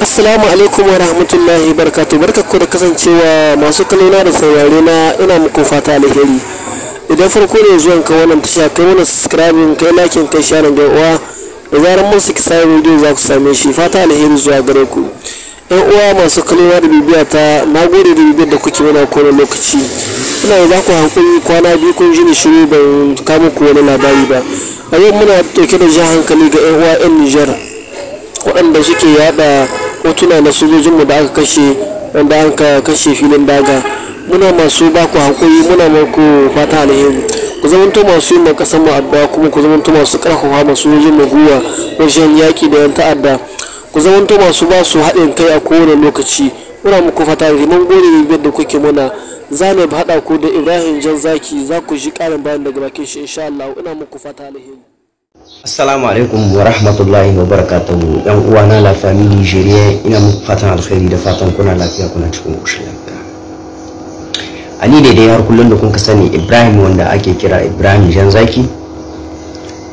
assalamu alaikum wa rahmatullahi barkatu barka ku da kasancewa masu kalona da saurare na ina muku fata alheri idan farko ne zuwan ka wannan tasha kai mana subscribing kai lakin kai share da uwa da zarar mun saki sai bidiyo za ku same shi fata alheri zuwa gare ku ɗan uwa masu kalona da bibiya ta na gode da bibiyar da kuke mana kowane lokaci ina za ku hankali kwana biyu kun ji ni shiru ban kama ku wani labari ba a yau muna dauke da jan hankali ga yan uwa yan nijar waɗanda suke yada hotuna na sojojinmu da aka kashe wanda an ka kashe filin daga muna masu baku hankali muna maku fata alheri ku zamanto masu yin kasan mu addu'a kuma ku zamanto masu karfafa masu yin mu guwa wajen yaki da yan ta'adda ku zamanto masu ba su haɗin kai a kowane lokaci muna muku fata alheri mun gode da kuke muna zanab haɗa ku da ibrahim jan zaki za ku ji ƙarin bayan daga bakin shi insha Allah ina muku fata alheri Assalamu alaikum wa rahmatullahi wa barakatuhu yan uwana na la famille Nigeria ina muku fatan alkhairi da fatan kuna lafiya kuna cikin koshin lafiya. Ali ne dai har kullum da kun sani Ibrahim wanda ake kira Ibrahim Janzaki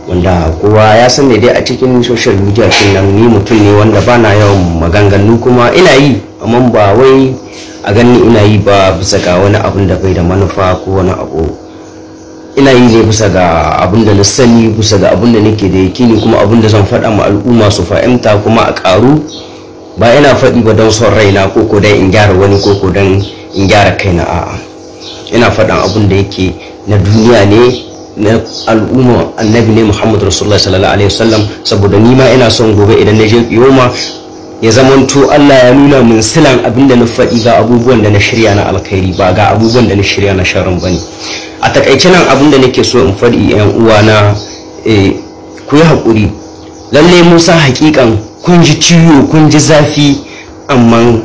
wanda kowa ya san dai a cikin social media kin nan ni mutum ne wanda bana yawan maganganu kuma ina yi amma ba wai a ganin ina yi ba bisa ga wani abun da bai da manufa ko wani abu ina yi ne bisa ga abin da na sani bisa ga abin da nake da yakini kuma abin da zan faɗa ma al'umma su fahimta kuma a ƙaru ba ina faɗi ba don son raina ko ko don in gyara wani ko ko don in gyara kaina a'a ina faɗan abin da yake na duniya ne na al'umma annabi ne muhammadu rasulullah sallallahu alaihi wasallam saboda ni ma ina son gobe idan na je kiyoma ya zamanto Allah ya nuna min silan abinda na faɗi ga abubuwan da na shirya na alkhairi ba ga abubuwan da na shirya na sharrin bane a takaice nan abin da nake so in faɗi yan uwana eh, ku yi hakuri, lalle Musa haƙiƙan kun ji ciwo kun ji zafi amma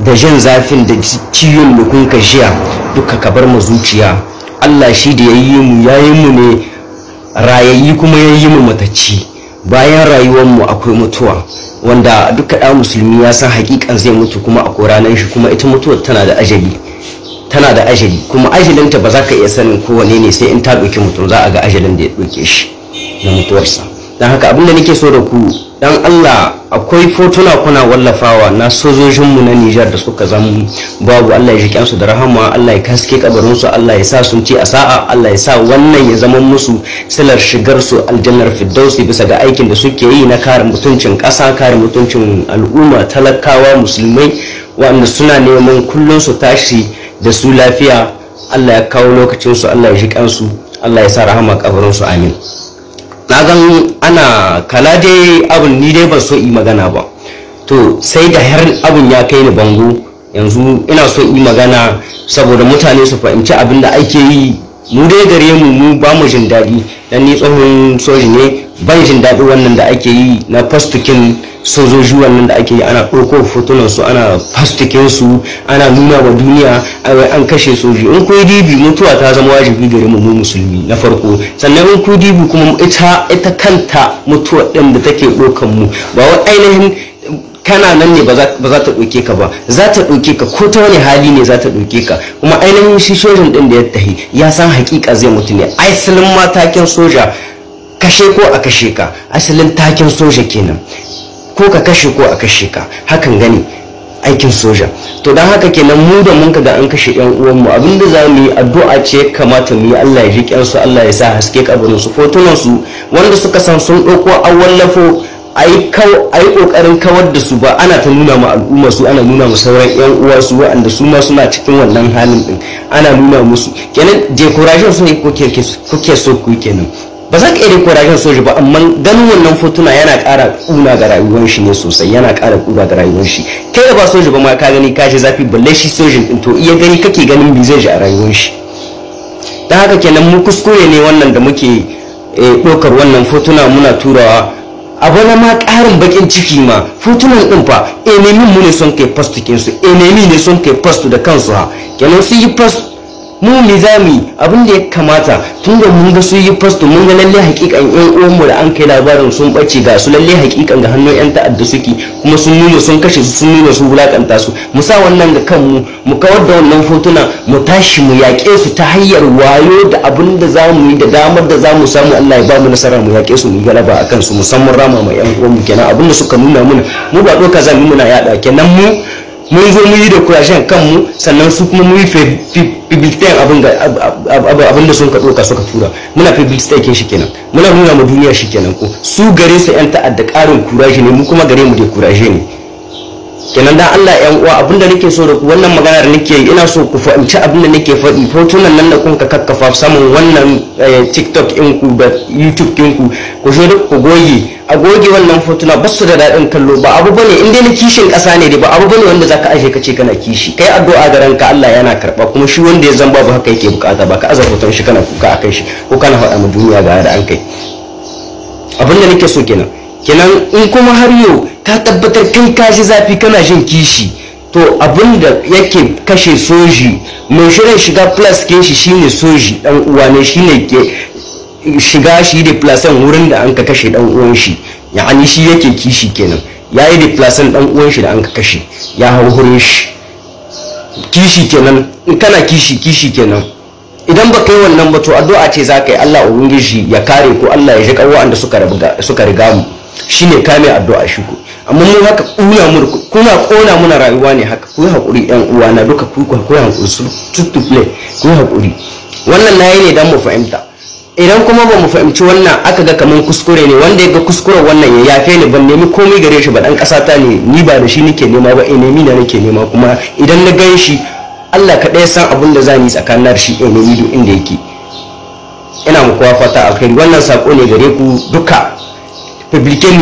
da jin zafin da ciwon da kun ka jiya duka ka bar mu zuciya Allah shi da yayi mu yayi mu ne rayayi kuma yayi mu mataci. bayan rayuwarmu akwai mutuwa wanda duka ɗan musulmi ya san hakikan zai mutu kuma akwai ranar shi kuma ita mutuwar tana da ajali tana da ajali kuma ajalinta ba za ka iya sanin kowane ne sai in ta ɗauki mutum za a ga ajalin da ya ɗauke shi na mutuwarsa don haka abin da nake so da ku dan Allah akwai fotuna kuna wallafawa na sojojinmu na Nijar da suka zama babu Allah ya ji kyansu da rahama Allah ya kaske kabarin Allah ya sa sun ce a sa'a Allah ya sa wannan ya zama musu silar shigar su aljannar firdausi bisa ga aikin da suke yi na kare mutuncin ƙasa kare mutuncin al'umma talakawa musulmai wanda suna neman kullun su tashi da su lafiya Allah ya kawo lokacin su Allah ya ji kansu Allah ya sa rahama kabarin amin na gan ana kala dai abin ni dai ban so yi magana ba to sai da har abin ya kai ni bango yanzu ina so yi magana saboda mutane su fahimci abin da ake yi mu dai gare mu mu ba mu jin daɗi dan ni tsohon soji ne ban jin daɗi wannan da ake yi na fastukin sojoji wannan da ake yi ana ɗauko fotunan su ana fastikin su ana nuna wa duniya an kashe soji in kuwa dibi mutuwa ta zama wajibi gare mu musulmi na farko sannan in kuwa dibi kuma ita ita kanta mutuwa ɗin da take ɗaukan mu ba wa ainihin kana nan ne ba za ta ɗauke ka ba za ta ɗauke ka ko ta wani hali ne za ta ɗauke ka kuma ainihin shi sojin ɗin da ya tahi ya san hakika zai mutu ne asalin matakin soja kashe ko a kashe ka asalin takin soja kenan ko ka kashe ko a kashe ka hakan gani aikin soja to don haka kenan mu da mun kaga an kashe yan mu abinda za mu yi addu'a ce kamata mu yi Allah ya ji su Allah ya sa haske kabarin su fotunan su wanda suka san sun dauko wallafo ai kau ai kokarin kawar da su ba ana ta nuna ma al'umma su ana nuna mu sauran yan uwa su waɗanda su ma suna cikin wannan halin din ana nuna musu kenan decoration su yi kuke so ku kenan ba za ka iya riko soja ba amma ganin wannan fotuna yana ƙara ƙuna ga rayuwar shi ne sosai yana ƙara ƙuna ga rayuwar shi kai da ba soja ba ma ka gani ka shi zafi balle shi sojin din to iya gani kake ganin bi zai ji a rayuwar shi Da haka kenan mu kuskure ne wannan da muke eh, ɗaukar wannan fotuna muna turawa A bana ma ƙarin bakin ciki ma fotunan ɗin fa enemi mu ne son kai fast su enemi ne son kai fast da kansu ha kenan sun yi fast mu me za mu abin da ya kamata tun da mun ga su yi fasto mun ga lalle hakikan yan uwanmu da an kai labarin sun bace ga su lalle hakikan ga hannun yan ta'adda suke kuma sun nuna sun kashe su sun nuna sun wulakanta su mu sa wannan ga kanmu mu kawar da wannan fotuna mu tashi mu yaƙe su ta hanyar wayo da abin da za mu yi da damar da za mu samu Allah ya ba mu nasara mu yaƙe su mu galaba akan su musamman rama mai yan uwanmu kenan abin da suka nuna muna mu ba doka za mu muna yaɗa kenan mu mun zo mun yi da kurashen kanmu sannan su kuma mun yi publicitayin abin da sun ka ɗauka suka tura muna publicitayin shi kenan muna nuna ma duniya shi kenan ko su gare sa 'yan ta'adda ƙarin kurashe ne mu kuma gare mu da kurashe ne kenan dan Allah yan uwa abinda nake so da ku wannan maganar nake ina so ku fahimci abinda nake faɗi hotunan nan da kun ka kakkafa samun wannan eh, TikTok in ku da YouTube in ku ku duk ku goge a goge wannan fotuna ba su da daɗin kallo ba abu bane in dai na kishin ƙasa ne dai ba abu bane wanda zaka aje ce kana kishi kai addu'a ga ranka Allah yana karɓa kuma shi wanda ya zamba ba haka yake bukata ba ka aza hoton shi kana kuka akan shi ko kana faɗa ma duniya ga da an kai abinda nake so kenan kenan in kuma har yau ka tabbatar kai kashi zafi kana jin kishi to abin da yake kashe soji mai shirin shiga plus ke shi shine soji dan uwa ne shine ke shiga shi da plusan wurin da an ka kashe dan uwan shi yani shi yake kishi kenan yayi da plusan dan uwan shi da an ka kashe ya hauhure shi kishi kenan in kana kishi kishi kenan idan ba kai wannan ba to addu'a ce za ka yi Allah ubangiji ya kare ko Allah ya ji wa'anda suka riga mu shine kame addu'a shi ku amma mun haka kuna mu kuna kona muna rayuwa ne haka ku hakuri yan uwa na duka ku ku hakuri su tutu play ku hakuri wannan nayi ne dan mu fahimta idan kuma ba mu fahimci wannan aka ga kaman kuskure ne wanda ya ga kuskuren wannan ya yafe ni ban nemi komai gare shi ba dan kasa ta ne ni ba da shi nake nema ba eh nemi na nake nema kuma idan na gan shi Allah ka ɗaya san abin da za ni tsakanin shi eh nemi duk inda yake ina muku fata alheri wannan sako ne gare ku duka publiqué